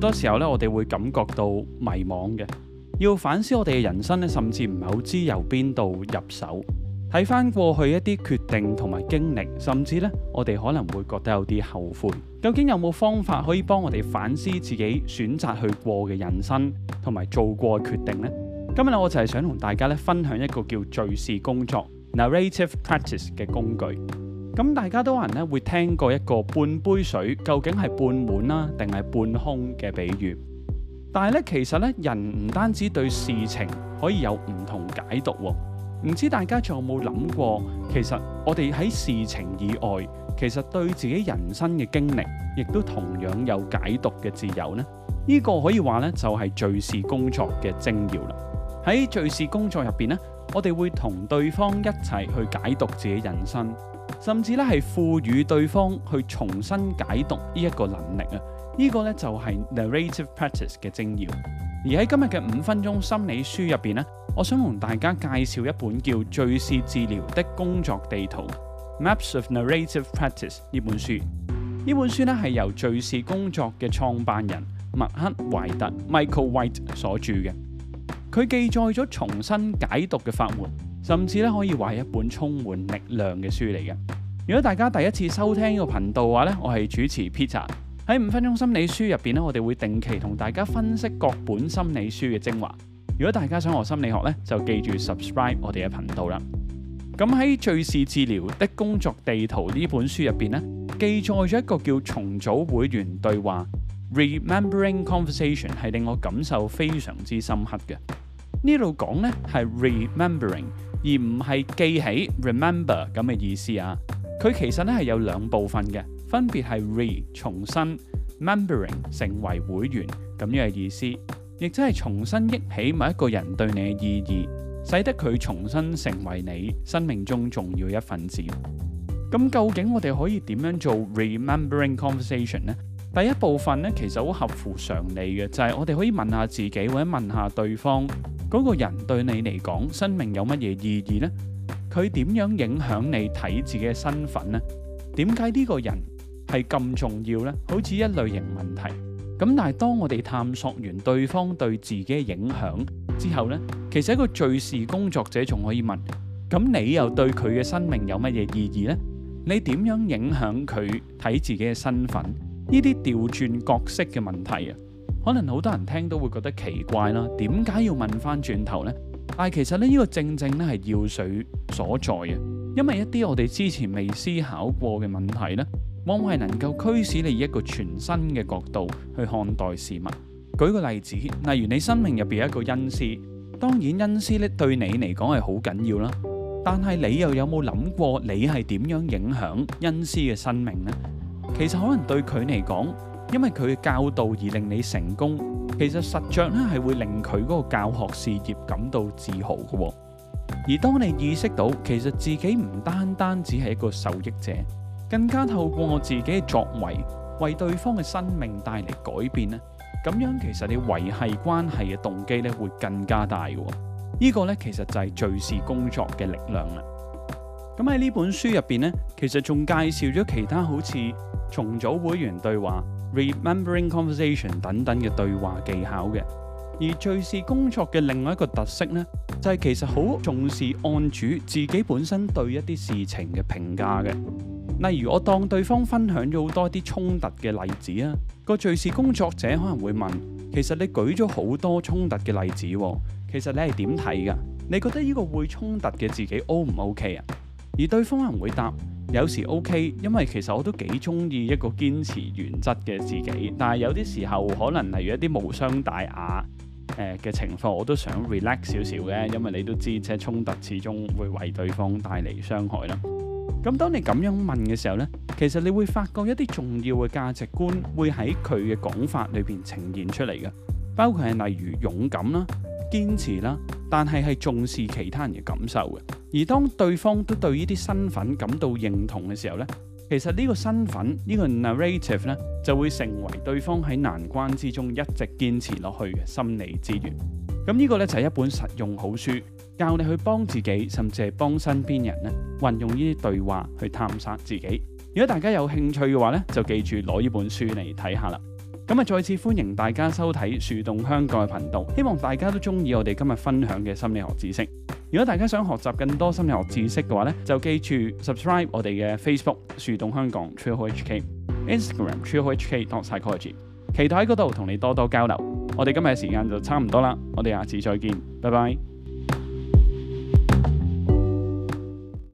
好多時候咧，我哋會感覺到迷茫嘅，要反思我哋嘅人生咧，甚至唔係好知由邊度入手，睇翻過去一啲決定同埋經歷，甚至咧我哋可能會覺得有啲後悔。究竟有冇方法可以幫我哋反思自己選擇去過嘅人生同埋做過嘅決定呢？今日咧我就係想同大家咧分享一個叫敘事工作 （Narrative Practice） 嘅工具。咁大家都有人咧會聽過，一個半杯水究竟係半滿啦定係半空嘅比喻，但係咧其實咧人唔單止對事情可以有唔同解讀，唔知大家仲有冇諗過，其實我哋喺事情以外，其實對自己人生嘅經歷，亦都同樣有解讀嘅自由呢？呢個可以話咧就係敘事工作嘅精要啦。喺敘事工作入邊咧，我哋會同對方一齊去解讀自己人生。甚至咧，係賦予對方去重新解讀呢一個能力啊！呢、呢個咧就係 narrative practice 嘅精要。而喺今日嘅五分鐘心理書入邊咧，我想同大家介紹一本叫《敘事治療的工作地圖：Maps of Narrative Practice》呢本書。呢本書咧係由敘事工作嘅創辦人麥克懷特 （Michael White） 所著嘅。佢記載咗重新解讀嘅法門。甚至咧可以話係一本充滿力量嘅書嚟嘅。如果大家第一次收聽呢個頻道嘅話咧，我係主持 Peter。喺五分鐘心理書入邊咧，我哋會定期同大家分析各本心理書嘅精華。如果大家想學心理學咧，就記住 subscribe 我哋嘅頻道啦。咁喺敘事治療的工作地圖呢本書入邊咧，記載咗一個叫重組會員對話 （Re-membering Conversation） 係令我感受非常之深刻嘅。呢度講咧係 Re-membering。而唔係記起，remember 咁嘅意思啊。佢其實咧係有兩部分嘅，分別係 re 重新 membering 成為會員咁樣嘅意思，亦即係重新憶起某一個人對你嘅意義，使得佢重新成為你生命中重要嘅一份子。咁究竟我哋可以點樣做 remembering conversation 呢？第一部分呢，其實好合乎常理嘅，就係我哋可以問下自己，或者問下對方嗰個人對你嚟講，生命有乜嘢意義呢？佢點樣影響你睇自己嘅身份呢？點解呢個人係咁重要呢？好似一類型問題咁。但係當我哋探索完對方對自己嘅影響之後呢，其實一個敘事工作者仲可以問：咁你又對佢嘅生命有乜嘢意義呢？你點樣影響佢睇自己嘅身份？呢啲調轉角色嘅問題啊，可能好多人聽都會覺得奇怪啦。點解要問翻轉頭呢？但係其實呢，呢個正正咧係要水所在啊，因為一啲我哋之前未思考過嘅問題咧，往往係能夠驅使你以一個全新嘅角度去看待事物。舉個例子，例如你生命入邊有一個恩師，當然恩師咧對你嚟講係好緊要啦。但係你又有冇諗過你係點樣影響恩師嘅生命呢？其實可能對佢嚟講，因為佢嘅教導而令你成功，其實實像咧係會令佢嗰個教學事業感到自豪嘅、哦。而當你意識到其實自己唔單單只係一個受益者，更加透過我自己嘅作為為對方嘅生命帶嚟改變咧，咁樣其實你維繫關係嘅動機咧會更加大嘅、哦。這個、呢個咧其實就係敘事工作嘅力量啦。咁喺呢本書入邊呢，其實仲介紹咗其他好似重組會員對話、Remembering Conversation 等等嘅對話技巧嘅。而敘事工作嘅另外一個特色呢，就係、是、其實好重視案主自己本身對一啲事情嘅評價嘅。例如我當對方分享咗好多啲衝突嘅例子啊，個敘事工作者可能會問：其實你舉咗好多衝突嘅例子，其實你係點睇噶？你覺得呢個會衝突嘅自己 O 唔 O K 啊？而對方可能會答：有時 OK，因為其實我都幾中意一個堅持原則嘅自己。但係有啲時候，可能例如一啲無傷大雅嘅、呃、情況，我都想 relax 少少嘅，因為你都知即係衝突始終會為對方帶嚟傷害啦。咁當你咁樣問嘅時候呢，其實你會發覺一啲重要嘅價值觀會喺佢嘅講法裏邊呈現出嚟嘅，包括係例如勇敢啦、堅持啦，但係係重視其他人嘅感受嘅。而當對方都對呢啲身份感到認同嘅時候呢，其實呢個身份呢、呢個 narrative 呢就會成為對方喺難關之中一直堅持落去嘅心理資源。咁、嗯、呢、呢個呢，就係、是、一本實用好書，教你去幫自己，甚至係幫身邊人呢運用呢啲對話去探索自己。如果大家有興趣嘅話呢，就記住攞呢本書嚟睇下啦。咁啊，再次歡迎大家收睇樹洞香港嘅頻道，希望大家都中意我哋今日分享嘅心理學知識。如果大家想學習更多心理學知識嘅話咧，就記住 subscribe 我哋嘅 Facebook 樹洞香港 treeholehk Instagram treeholehk dot psychology，期待喺嗰度同你多多交流。我哋今日嘅時間就差唔多啦，我哋下次再見，拜拜。